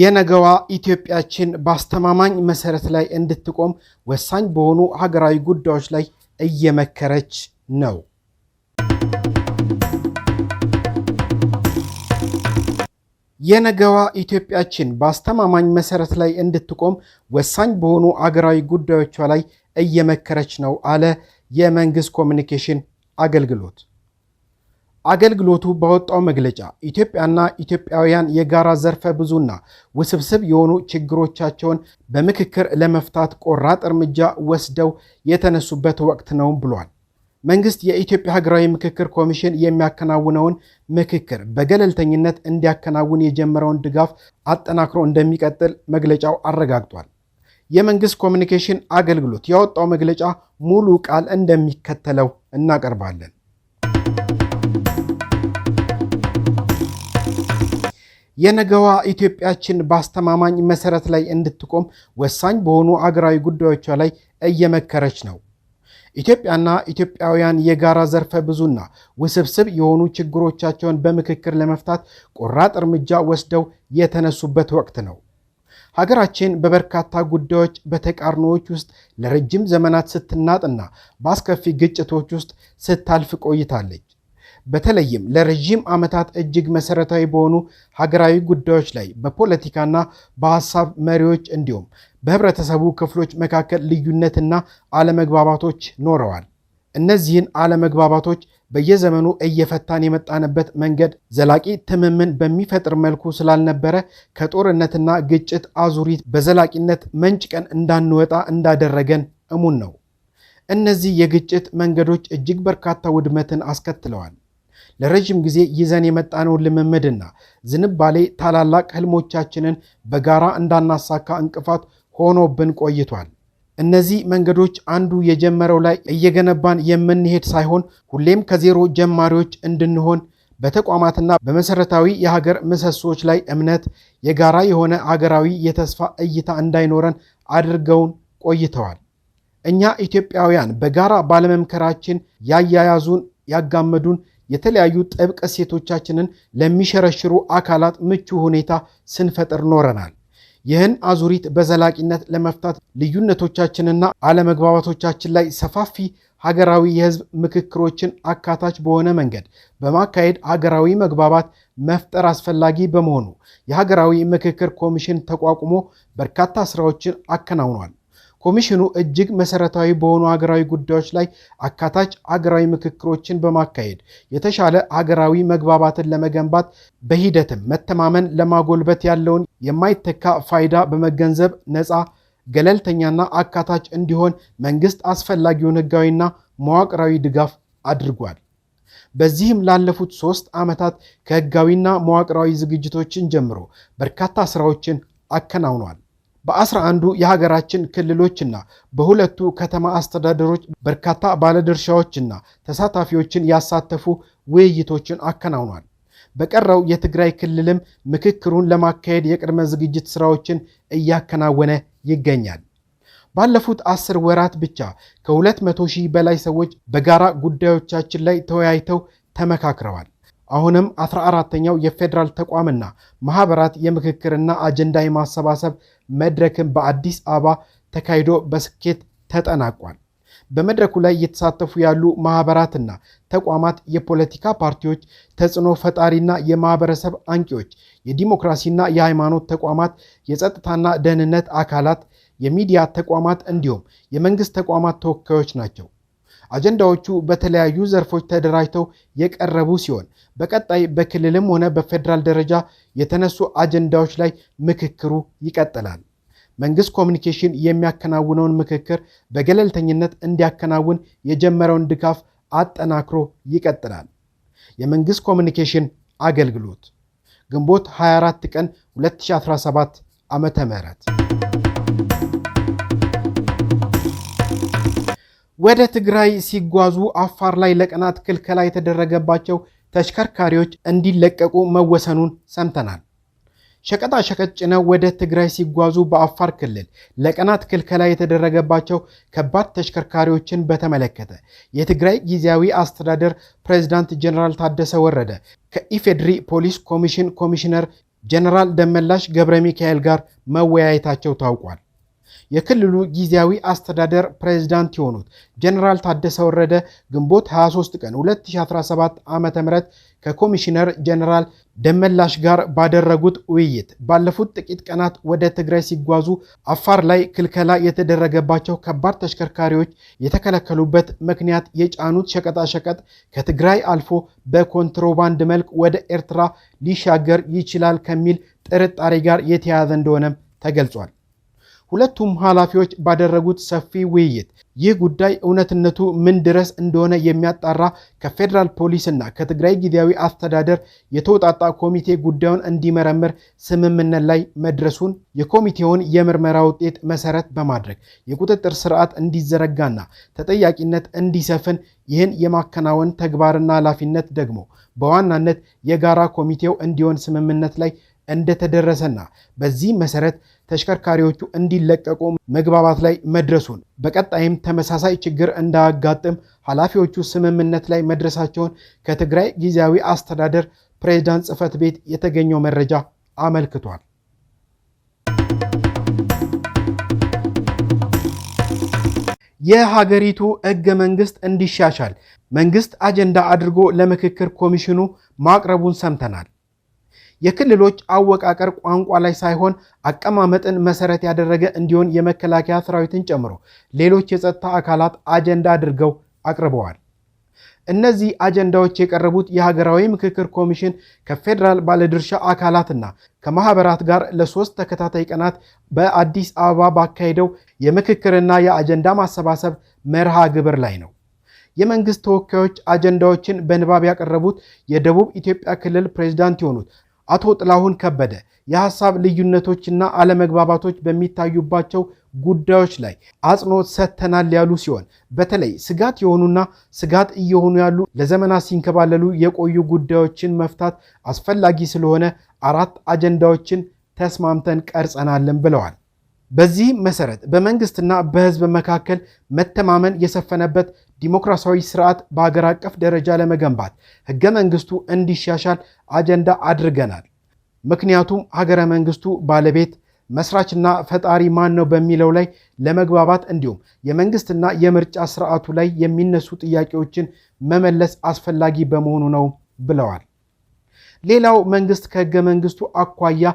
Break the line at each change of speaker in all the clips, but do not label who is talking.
የነገዋ ኢትዮጵያችን በአስተማማኝ መሰረት ላይ እንድትቆም ወሳኝ በሆኑ ሀገራዊ ጉዳዮች ላይ እየመከረች ነው። የነገዋ ኢትዮጵያችን በአስተማማኝ መሰረት ላይ እንድትቆም ወሳኝ በሆኑ አገራዊ ጉዳዮቿ ላይ እየመከረች ነው አለ የመንግስት ኮሚኒኬሽን አገልግሎት። አገልግሎቱ ባወጣው መግለጫ ኢትዮጵያና ኢትዮጵያውያን የጋራ ዘርፈ ብዙና ውስብስብ የሆኑ ችግሮቻቸውን በምክክር ለመፍታት ቆራጥ እርምጃ ወስደው የተነሱበት ወቅት ነው ብሏል። መንግስት የኢትዮጵያ ሀገራዊ ምክክር ኮሚሽን የሚያከናውነውን ምክክር በገለልተኝነት እንዲያከናውን የጀመረውን ድጋፍ አጠናክሮ እንደሚቀጥል መግለጫው አረጋግጧል። የመንግስት ኮሚኒኬሽን አገልግሎት ያወጣው መግለጫ ሙሉ ቃል እንደሚከተለው እናቀርባለን። የነገዋ ኢትዮጵያችን በአስተማማኝ መሰረት ላይ እንድትቆም ወሳኝ በሆኑ አገራዊ ጉዳዮቿ ላይ እየመከረች ነው። ኢትዮጵያና ኢትዮጵያውያን የጋራ ዘርፈ ብዙና ውስብስብ የሆኑ ችግሮቻቸውን በምክክር ለመፍታት ቆራጥ እርምጃ ወስደው የተነሱበት ወቅት ነው። ሀገራችን በበርካታ ጉዳዮች በተቃርኖዎች ውስጥ ለረጅም ዘመናት ስትናጥና በአስከፊ ግጭቶች ውስጥ ስታልፍ ቆይታለች። በተለይም ለረዥም ዓመታት እጅግ መሰረታዊ በሆኑ ሀገራዊ ጉዳዮች ላይ በፖለቲካና በሀሳብ መሪዎች እንዲሁም በህብረተሰቡ ክፍሎች መካከል ልዩነትና አለመግባባቶች ኖረዋል። እነዚህን አለመግባባቶች በየዘመኑ እየፈታን የመጣንበት መንገድ ዘላቂ ትምምን በሚፈጥር መልኩ ስላልነበረ ከጦርነትና ግጭት አዙሪት በዘላቂነት መንጭቀን እንዳንወጣ እንዳደረገን እሙን ነው። እነዚህ የግጭት መንገዶች እጅግ በርካታ ውድመትን አስከትለዋል። ለረዥም ጊዜ ይዘን የመጣነውን ልምምድና ዝንባሌ ታላላቅ ህልሞቻችንን በጋራ እንዳናሳካ እንቅፋት ሆኖብን ቆይቷል። እነዚህ መንገዶች አንዱ የጀመረው ላይ እየገነባን የምንሄድ ሳይሆን ሁሌም ከዜሮ ጀማሪዎች እንድንሆን በተቋማትና በመሰረታዊ የሀገር ምሰሶች ላይ እምነት፣ የጋራ የሆነ ሀገራዊ የተስፋ እይታ እንዳይኖረን አድርገውን ቆይተዋል። እኛ ኢትዮጵያውያን በጋራ ባለመምከራችን ያያያዙን፣ ያጋመዱን የተለያዩ ጥብቅ እሴቶቻችንን ለሚሸረሽሩ አካላት ምቹ ሁኔታ ስንፈጥር ኖረናል። ይህን አዙሪት በዘላቂነት ለመፍታት ልዩነቶቻችንና አለመግባባቶቻችን ላይ ሰፋፊ ሀገራዊ የህዝብ ምክክሮችን አካታች በሆነ መንገድ በማካሄድ ሀገራዊ መግባባት መፍጠር አስፈላጊ በመሆኑ የሀገራዊ ምክክር ኮሚሽን ተቋቁሞ በርካታ ስራዎችን አከናውኗል። ኮሚሽኑ እጅግ መሰረታዊ በሆኑ ሀገራዊ ጉዳዮች ላይ አካታች አገራዊ ምክክሮችን በማካሄድ የተሻለ አገራዊ መግባባትን ለመገንባት በሂደትም መተማመን ለማጎልበት ያለውን የማይተካ ፋይዳ በመገንዘብ ነፃ ገለልተኛና አካታች እንዲሆን መንግስት አስፈላጊውን ህጋዊና መዋቅራዊ ድጋፍ አድርጓል። በዚህም ላለፉት ሶስት ዓመታት ከህጋዊና መዋቅራዊ ዝግጅቶችን ጀምሮ በርካታ ስራዎችን አከናውኗል። በአስራ አንዱ የሀገራችን ክልሎችና በሁለቱ ከተማ አስተዳደሮች በርካታ ባለድርሻዎችና ተሳታፊዎችን ያሳተፉ ውይይቶችን አከናውኗል። በቀረው የትግራይ ክልልም ምክክሩን ለማካሄድ የቅድመ ዝግጅት ስራዎችን እያከናወነ ይገኛል። ባለፉት አስር ወራት ብቻ ከ200 ሺህ በላይ ሰዎች በጋራ ጉዳዮቻችን ላይ ተወያይተው ተመካክረዋል። አሁንም 14ተኛው የፌዴራል ተቋምና ማኅበራት የምክክርና አጀንዳ የማሰባሰብ መድረክን በአዲስ አበባ ተካሂዶ በስኬት ተጠናቋል። በመድረኩ ላይ እየተሳተፉ ያሉ ማህበራትና ተቋማት፣ የፖለቲካ ፓርቲዎች፣ ተጽዕኖ ፈጣሪና የማህበረሰብ አንቂዎች፣ የዲሞክራሲና የሃይማኖት ተቋማት፣ የጸጥታና ደህንነት አካላት፣ የሚዲያ ተቋማት እንዲሁም የመንግስት ተቋማት ተወካዮች ናቸው። አጀንዳዎቹ በተለያዩ ዘርፎች ተደራጅተው የቀረቡ ሲሆን በቀጣይ በክልልም ሆነ በፌዴራል ደረጃ የተነሱ አጀንዳዎች ላይ ምክክሩ ይቀጥላል። መንግስት ኮሚኒኬሽን የሚያከናውነውን ምክክር በገለልተኝነት እንዲያከናውን የጀመረውን ድጋፍ አጠናክሮ ይቀጥላል። የመንግስት ኮሚኒኬሽን አገልግሎት ግንቦት 24 ቀን 2017 ም ወደ ትግራይ ሲጓዙ አፋር ላይ ለቀናት ክልከላ የተደረገባቸው ተሽከርካሪዎች እንዲለቀቁ መወሰኑን ሰምተናል። ሸቀጣሸቀጥ ጭነው ወደ ትግራይ ሲጓዙ በአፋር ክልል ለቀናት ክልከላ የተደረገባቸው ከባድ ተሽከርካሪዎችን በተመለከተ የትግራይ ጊዜያዊ አስተዳደር ፕሬዝዳንት ጀኔራል ታደሰ ወረደ ከኢፌድሪ ፖሊስ ኮሚሽን ኮሚሽነር ጀነራል ደመላሽ ገብረ ሚካኤል ጋር መወያየታቸው ታውቋል። የክልሉ ጊዜያዊ አስተዳደር ፕሬዝዳንት የሆኑት ጀኔራል ታደሰ ወረደ ግንቦት 23 ቀን 2017 ዓ ም ከኮሚሽነር ጀኔራል ደመላሽ ጋር ባደረጉት ውይይት ባለፉት ጥቂት ቀናት ወደ ትግራይ ሲጓዙ አፋር ላይ ክልከላ የተደረገባቸው ከባድ ተሽከርካሪዎች የተከለከሉበት ምክንያት የጫኑት ሸቀጣሸቀጥ ከትግራይ አልፎ በኮንትሮባንድ መልክ ወደ ኤርትራ ሊሻገር ይችላል ከሚል ጥርጣሬ ጋር የተያያዘ እንደሆነም ተገልጿል። ሁለቱም ኃላፊዎች ባደረጉት ሰፊ ውይይት ይህ ጉዳይ እውነትነቱ ምን ድረስ እንደሆነ የሚያጣራ ከፌዴራል ፖሊስና ከትግራይ ጊዜያዊ አስተዳደር የተውጣጣ ኮሚቴ ጉዳዩን እንዲመረምር ስምምነት ላይ መድረሱን የኮሚቴውን የምርመራ ውጤት መሰረት በማድረግ የቁጥጥር ስርዓት እንዲዘረጋና ተጠያቂነት እንዲሰፍን ይህን የማከናወን ተግባርና ኃላፊነት ደግሞ በዋናነት የጋራ ኮሚቴው እንዲሆን ስምምነት ላይ እንደተደረሰና በዚህ መሰረት ተሽከርካሪዎቹ እንዲለቀቁ መግባባት ላይ መድረሱን በቀጣይም ተመሳሳይ ችግር እንዳያጋጥም ኃላፊዎቹ ስምምነት ላይ መድረሳቸውን ከትግራይ ጊዜያዊ አስተዳደር ፕሬዝዳንት ጽህፈት ቤት የተገኘው መረጃ አመልክቷል። የሀገሪቱ ህገ መንግስት እንዲሻሻል መንግስት አጀንዳ አድርጎ ለምክክር ኮሚሽኑ ማቅረቡን ሰምተናል። የክልሎች አወቃቀር ቋንቋ ላይ ሳይሆን አቀማመጥን መሰረት ያደረገ እንዲሆን የመከላከያ ሰራዊትን ጨምሮ ሌሎች የጸጥታ አካላት አጀንዳ አድርገው አቅርበዋል። እነዚህ አጀንዳዎች የቀረቡት የሀገራዊ ምክክር ኮሚሽን ከፌዴራል ባለድርሻ አካላትና ከማህበራት ጋር ለሶስት ተከታታይ ቀናት በአዲስ አበባ ባካሄደው የምክክርና የአጀንዳ ማሰባሰብ መርሃ ግብር ላይ ነው። የመንግስት ተወካዮች አጀንዳዎችን በንባብ ያቀረቡት የደቡብ ኢትዮጵያ ክልል ፕሬዚዳንት የሆኑት አቶ ጥላሁን ከበደ የሐሳብ ልዩነቶችና አለመግባባቶች በሚታዩባቸው ጉዳዮች ላይ አጽንኦት ሰጥተናል ያሉ ሲሆን በተለይ ስጋት የሆኑና ስጋት እየሆኑ ያሉ ለዘመናት ሲንከባለሉ የቆዩ ጉዳዮችን መፍታት አስፈላጊ ስለሆነ አራት አጀንዳዎችን ተስማምተን ቀርጸናለን ብለዋል። በዚህ መሰረት በመንግስትና በህዝብ መካከል መተማመን የሰፈነበት ዲሞክራሲያዊ ስርዓት በሀገር አቀፍ ደረጃ ለመገንባት ህገ መንግስቱ እንዲሻሻል አጀንዳ አድርገናል። ምክንያቱም ሀገረ መንግስቱ ባለቤት መስራችና ፈጣሪ ማን ነው በሚለው ላይ ለመግባባት እንዲሁም የመንግስትና የምርጫ ስርዓቱ ላይ የሚነሱ ጥያቄዎችን መመለስ አስፈላጊ በመሆኑ ነው ብለዋል። ሌላው መንግስት ከህገ መንግስቱ አኳያ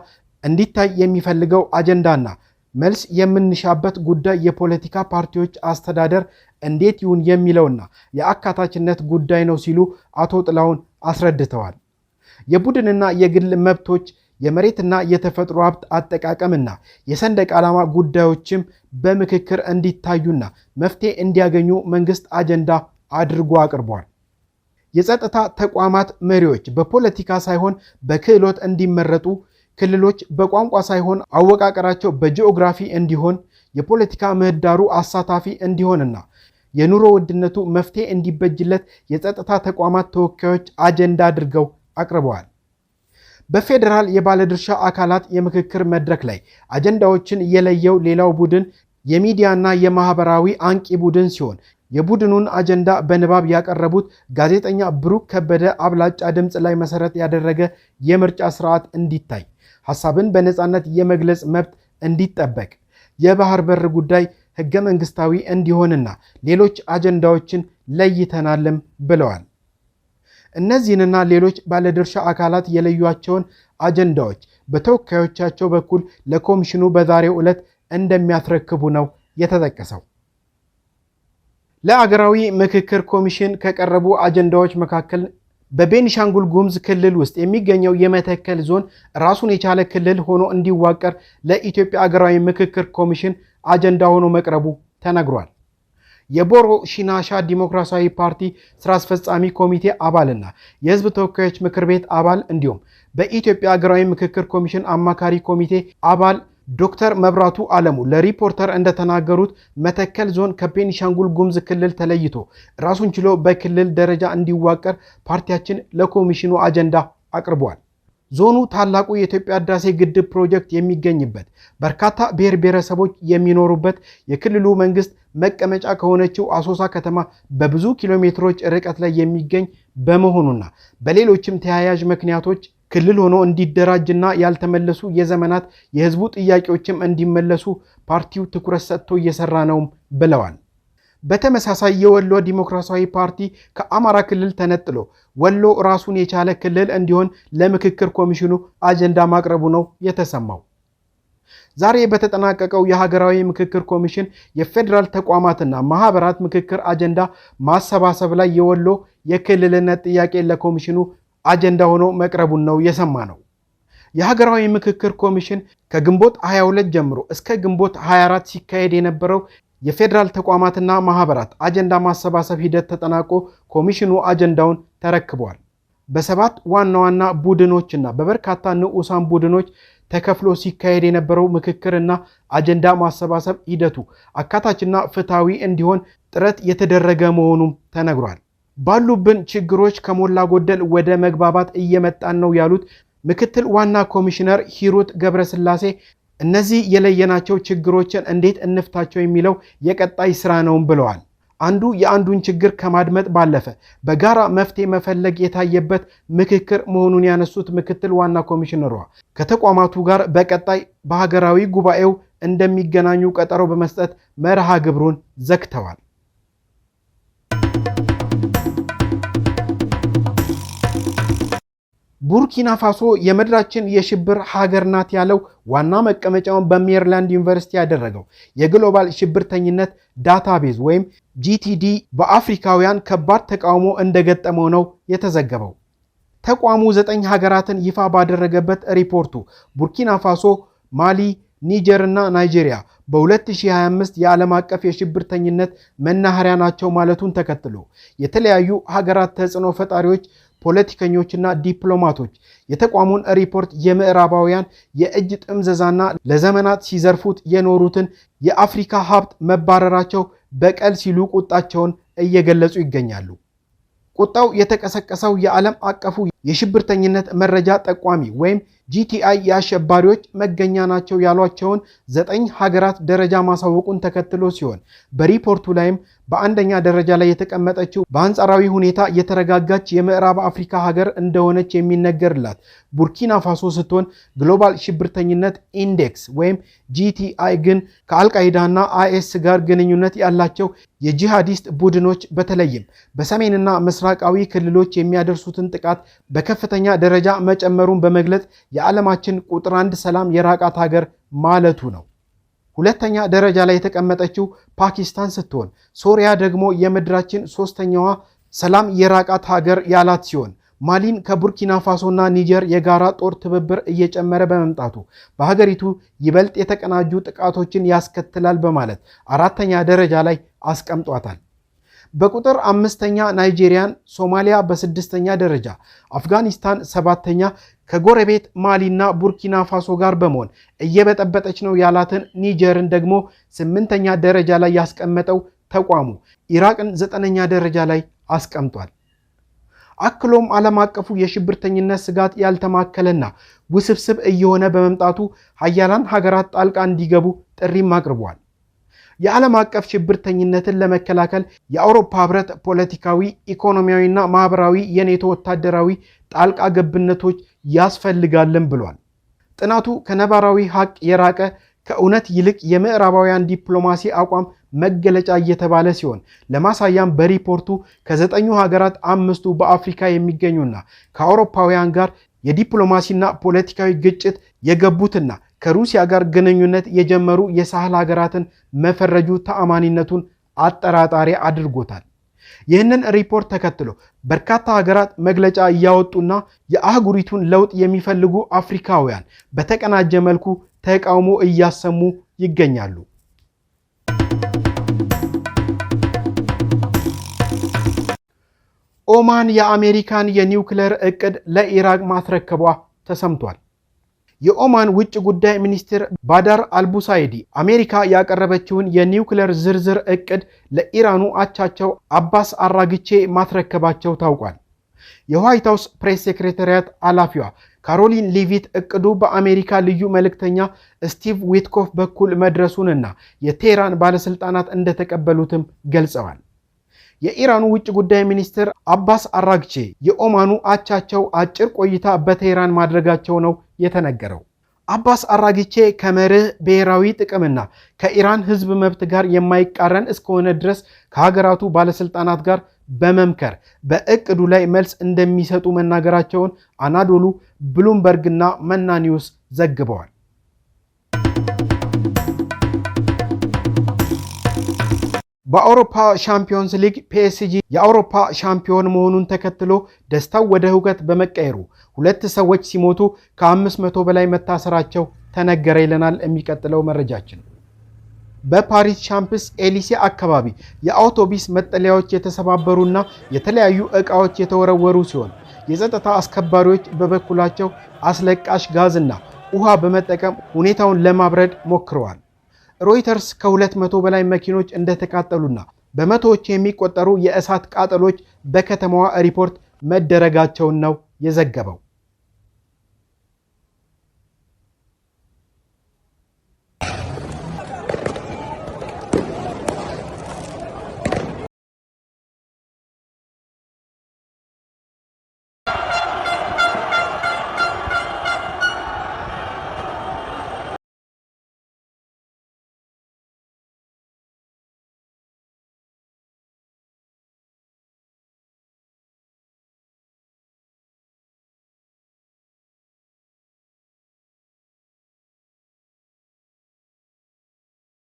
እንዲታይ የሚፈልገው አጀንዳና መልስ የምንሻበት ጉዳይ የፖለቲካ ፓርቲዎች አስተዳደር እንዴት ይሁን የሚለውና የአካታችነት ጉዳይ ነው ሲሉ አቶ ጥላውን አስረድተዋል። የቡድንና የግል መብቶች፣ የመሬትና የተፈጥሮ ሀብት አጠቃቀምና የሰንደቅ ዓላማ ጉዳዮችም በምክክር እንዲታዩና መፍትሄ እንዲያገኙ መንግስት አጀንዳ አድርጎ አቅርቧል። የጸጥታ ተቋማት መሪዎች በፖለቲካ ሳይሆን በክህሎት እንዲመረጡ፣ ክልሎች በቋንቋ ሳይሆን አወቃቀራቸው በጂኦግራፊ እንዲሆን፣ የፖለቲካ ምህዳሩ አሳታፊ እንዲሆንና የኑሮ ውድነቱ መፍትሄ እንዲበጅለት የጸጥታ ተቋማት ተወካዮች አጀንዳ አድርገው አቅርበዋል። በፌዴራል የባለድርሻ አካላት የምክክር መድረክ ላይ አጀንዳዎችን የለየው ሌላው ቡድን የሚዲያና የማህበራዊ አንቂ ቡድን ሲሆን የቡድኑን አጀንዳ በንባብ ያቀረቡት ጋዜጠኛ ብሩክ ከበደ አብላጫ ድምፅ ላይ መሰረት ያደረገ የምርጫ ስርዓት እንዲታይ፣ ሐሳብን በነፃነት የመግለጽ መብት እንዲጠበቅ፣ የባህር በር ጉዳይ ህገ መንግስታዊ እንዲሆንና ሌሎች አጀንዳዎችን ለይተናልም ብለዋል። እነዚህንና ሌሎች ባለድርሻ አካላት የለዩቸውን አጀንዳዎች በተወካዮቻቸው በኩል ለኮሚሽኑ በዛሬው ዕለት እንደሚያስረክቡ ነው የተጠቀሰው። ለአገራዊ ምክክር ኮሚሽን ከቀረቡ አጀንዳዎች መካከል በቤኒሻንጉል ጉሙዝ ክልል ውስጥ የሚገኘው የመተከል ዞን ራሱን የቻለ ክልል ሆኖ እንዲዋቀር ለኢትዮጵያ አገራዊ ምክክር ኮሚሽን አጀንዳ ሆኖ መቅረቡ ተነግሯል። የቦሮ ሺናሻ ዲሞክራሲያዊ ፓርቲ ስራ አስፈጻሚ ኮሚቴ አባልና የህዝብ ተወካዮች ምክር ቤት አባል እንዲሁም በኢትዮጵያ ሀገራዊ ምክክር ኮሚሽን አማካሪ ኮሚቴ አባል ዶክተር መብራቱ አለሙ ለሪፖርተር እንደተናገሩት መተከል ዞን ከቤኒሻንጉል ጉምዝ ክልል ተለይቶ ራሱን ችሎ በክልል ደረጃ እንዲዋቀር ፓርቲያችን ለኮሚሽኑ አጀንዳ አቅርቧል። ዞኑ ታላቁ የኢትዮጵያ ህዳሴ ግድብ ፕሮጀክት የሚገኝበት በርካታ ብሔር ብሔረሰቦች የሚኖሩበት የክልሉ መንግስት መቀመጫ ከሆነችው አሶሳ ከተማ በብዙ ኪሎ ሜትሮች ርቀት ላይ የሚገኝ በመሆኑና በሌሎችም ተያያዥ ምክንያቶች ክልል ሆኖ እንዲደራጅና ያልተመለሱ የዘመናት የህዝቡ ጥያቄዎችም እንዲመለሱ ፓርቲው ትኩረት ሰጥቶ እየሰራ ነውም ብለዋል። በተመሳሳይ የወሎ ዲሞክራሲያዊ ፓርቲ ከአማራ ክልል ተነጥሎ ወሎ ራሱን የቻለ ክልል እንዲሆን ለምክክር ኮሚሽኑ አጀንዳ ማቅረቡ ነው የተሰማው። ዛሬ በተጠናቀቀው የሀገራዊ ምክክር ኮሚሽን የፌዴራል ተቋማትና ማህበራት ምክክር አጀንዳ ማሰባሰብ ላይ የወሎ የክልልነት ጥያቄ ለኮሚሽኑ አጀንዳ ሆኖ መቅረቡን ነው የሰማ ነው። የሀገራዊ ምክክር ኮሚሽን ከግንቦት 22 ጀምሮ እስከ ግንቦት 24 ሲካሄድ የነበረው የፌዴራል ተቋማትና ማህበራት አጀንዳ ማሰባሰብ ሂደት ተጠናቆ ኮሚሽኑ አጀንዳውን ተረክቧል። በሰባት ዋና ዋና ቡድኖችና በበርካታ ንዑሳን ቡድኖች ተከፍሎ ሲካሄድ የነበረው ምክክርና አጀንዳ ማሰባሰብ ሂደቱ አካታችና ፍትሐዊ እንዲሆን ጥረት የተደረገ መሆኑም ተነግሯል። ባሉብን ችግሮች ከሞላ ጎደል ወደ መግባባት እየመጣን ነው ያሉት ምክትል ዋና ኮሚሽነር ሂሩት ገብረስላሴ እነዚህ የለየናቸው ችግሮችን እንዴት እንፍታቸው የሚለው የቀጣይ ስራ ነውም ብለዋል። አንዱ የአንዱን ችግር ከማድመጥ ባለፈ በጋራ መፍትሄ መፈለግ የታየበት ምክክር መሆኑን ያነሱት ምክትል ዋና ኮሚሽነሯ ከተቋማቱ ጋር በቀጣይ በሀገራዊ ጉባኤው እንደሚገናኙ ቀጠሮ በመስጠት መርሃ ግብሩን ዘግተዋል። ቡርኪና ፋሶ የምድራችን የሽብር ሀገር ናት ያለው ዋና መቀመጫውን በሜሪላንድ ዩኒቨርሲቲ ያደረገው የግሎባል ሽብርተኝነት ዳታቤዝ ወይም ጂቲዲ በአፍሪካውያን ከባድ ተቃውሞ እንደገጠመው ነው የተዘገበው። ተቋሙ ዘጠኝ ሀገራትን ይፋ ባደረገበት ሪፖርቱ ቡርኪና ፋሶ፣ ማሊ፣ ኒጀር እና ናይጄሪያ በ2025 የዓለም አቀፍ የሽብርተኝነት መናኸሪያ ናቸው ማለቱን ተከትሎ የተለያዩ ሀገራት ተጽዕኖ ፈጣሪዎች ፖለቲከኞችና ዲፕሎማቶች የተቋሙን ሪፖርት የምዕራባውያን የእጅ ጥምዘዛና ለዘመናት ሲዘርፉት የኖሩትን የአፍሪካ ሀብት መባረራቸው በቀል ሲሉ ቁጣቸውን እየገለጹ ይገኛሉ። ቁጣው የተቀሰቀሰው የዓለም አቀፉ የሽብርተኝነት መረጃ ጠቋሚ ወይም ጂቲአይ የአሸባሪዎች መገኛ ናቸው ያሏቸውን ዘጠኝ ሀገራት ደረጃ ማሳወቁን ተከትሎ ሲሆን በሪፖርቱ ላይም በአንደኛ ደረጃ ላይ የተቀመጠችው በአንጻራዊ ሁኔታ የተረጋጋች የምዕራብ አፍሪካ ሀገር እንደሆነች የሚነገርላት ቡርኪና ፋሶ ስትሆን ግሎባል ሽብርተኝነት ኢንዴክስ ወይም ጂቲአይ ግን ከአልቃይዳና አይኤስ ጋር ግንኙነት ያላቸው የጂሃዲስት ቡድኖች በተለይም በሰሜንና ምስራቃዊ ክልሎች የሚያደርሱትን ጥቃት በከፍተኛ ደረጃ መጨመሩን በመግለጽ የዓለማችን ቁጥር አንድ ሰላም የራቃት ሀገር ማለቱ ነው። ሁለተኛ ደረጃ ላይ የተቀመጠችው ፓኪስታን ስትሆን ሶሪያ ደግሞ የምድራችን ሶስተኛዋ ሰላም የራቃት ሀገር ያላት ሲሆን ማሊን ከቡርኪና ፋሶና ኒጀር የጋራ ጦር ትብብር እየጨመረ በመምጣቱ በሀገሪቱ ይበልጥ የተቀናጁ ጥቃቶችን ያስከትላል በማለት አራተኛ ደረጃ ላይ አስቀምጧታል። በቁጥር አምስተኛ ናይጄሪያን፣ ሶማሊያ በስድስተኛ ደረጃ፣ አፍጋኒስታን ሰባተኛ ከጎረቤት ማሊና ቡርኪና ፋሶ ጋር በመሆን እየበጠበጠች ነው ያላትን ኒጀርን ደግሞ ስምንተኛ ደረጃ ላይ ያስቀመጠው ተቋሙ ኢራቅን ዘጠነኛ ደረጃ ላይ አስቀምጧል። አክሎም ዓለም አቀፉ የሽብርተኝነት ስጋት ያልተማከለና ውስብስብ እየሆነ በመምጣቱ ሀያላን ሀገራት ጣልቃ እንዲገቡ ጥሪም አቅርቧል። የዓለም አቀፍ ሽብርተኝነትን ለመከላከል የአውሮፓ ህብረት ፖለቲካዊ፣ ኢኮኖሚያዊና ማህበራዊ የኔቶ ወታደራዊ ጣልቃ ገብነቶች ያስፈልጋልን ብሏል። ጥናቱ ከነባራዊ ሀቅ የራቀ ከእውነት ይልቅ የምዕራባውያን ዲፕሎማሲ አቋም መገለጫ እየተባለ ሲሆን ለማሳያም በሪፖርቱ ከዘጠኙ ሀገራት አምስቱ በአፍሪካ የሚገኙና ከአውሮፓውያን ጋር የዲፕሎማሲና ፖለቲካዊ ግጭት የገቡትና ከሩሲያ ጋር ግንኙነት የጀመሩ የሳህል ሀገራትን መፈረጁ ተአማኒነቱን አጠራጣሪ አድርጎታል። ይህንን ሪፖርት ተከትሎ በርካታ ሀገራት መግለጫ እያወጡና የአህጉሪቱን ለውጥ የሚፈልጉ አፍሪካውያን በተቀናጀ መልኩ ተቃውሞ እያሰሙ ይገኛሉ። ኦማን የአሜሪካን የኒውክሌር ዕቅድ ለኢራቅ ማስረከቧ ተሰምቷል። የኦማን ውጭ ጉዳይ ሚኒስትር ባዳር አልቡሳይዲ አሜሪካ ያቀረበችውን የኒውክሌር ዝርዝር ዕቅድ ለኢራኑ አቻቸው አባስ አራግቼ ማስረከባቸው ታውቋል። የዋይት ሃውስ ፕሬስ ሴክሬታሪያት ኃላፊዋ ካሮሊን ሊቪት ዕቅዱ በአሜሪካ ልዩ መልእክተኛ ስቲቭ ዊትኮፍ በኩል መድረሱንና የቴህራን ባለሥልጣናት እንደተቀበሉትም ገልጸዋል። የኢራኑ ውጭ ጉዳይ ሚኒስትር አባስ አራግቼ የኦማኑ አቻቸው አጭር ቆይታ በቴህራን ማድረጋቸው ነው የተነገረው። አባስ አራግቼ ከመርህ ብሔራዊ ጥቅምና ከኢራን ሕዝብ መብት ጋር የማይቃረን እስከሆነ ድረስ ከሀገራቱ ባለስልጣናት ጋር በመምከር በእቅዱ ላይ መልስ እንደሚሰጡ መናገራቸውን አናዶሉ፣ ብሉምበርግና መናኒውስ ዘግበዋል። በአውሮፓ ሻምፒዮንስ ሊግ ፒኤስጂ የአውሮፓ ሻምፒዮን መሆኑን ተከትሎ ደስታው ወደ ሁከት በመቀየሩ ሁለት ሰዎች ሲሞቱ ከ500 በላይ መታሰራቸው ተነገረ ይለናል የሚቀጥለው መረጃችን። በፓሪስ ሻምፕስ ኤሊሴ አካባቢ የአውቶቢስ መጠለያዎች የተሰባበሩና የተለያዩ ዕቃዎች የተወረወሩ ሲሆን የጸጥታ አስከባሪዎች በበኩላቸው አስለቃሽ ጋዝና ውሃ በመጠቀም ሁኔታውን ለማብረድ ሞክረዋል። ሮይተርስ ከሁለት መቶ በላይ መኪኖች እንደተቃጠሉና በመቶዎች የሚቆጠሩ የእሳት ቃጠሎች በከተማዋ ሪፖርት መደረጋቸውን ነው የዘገበው።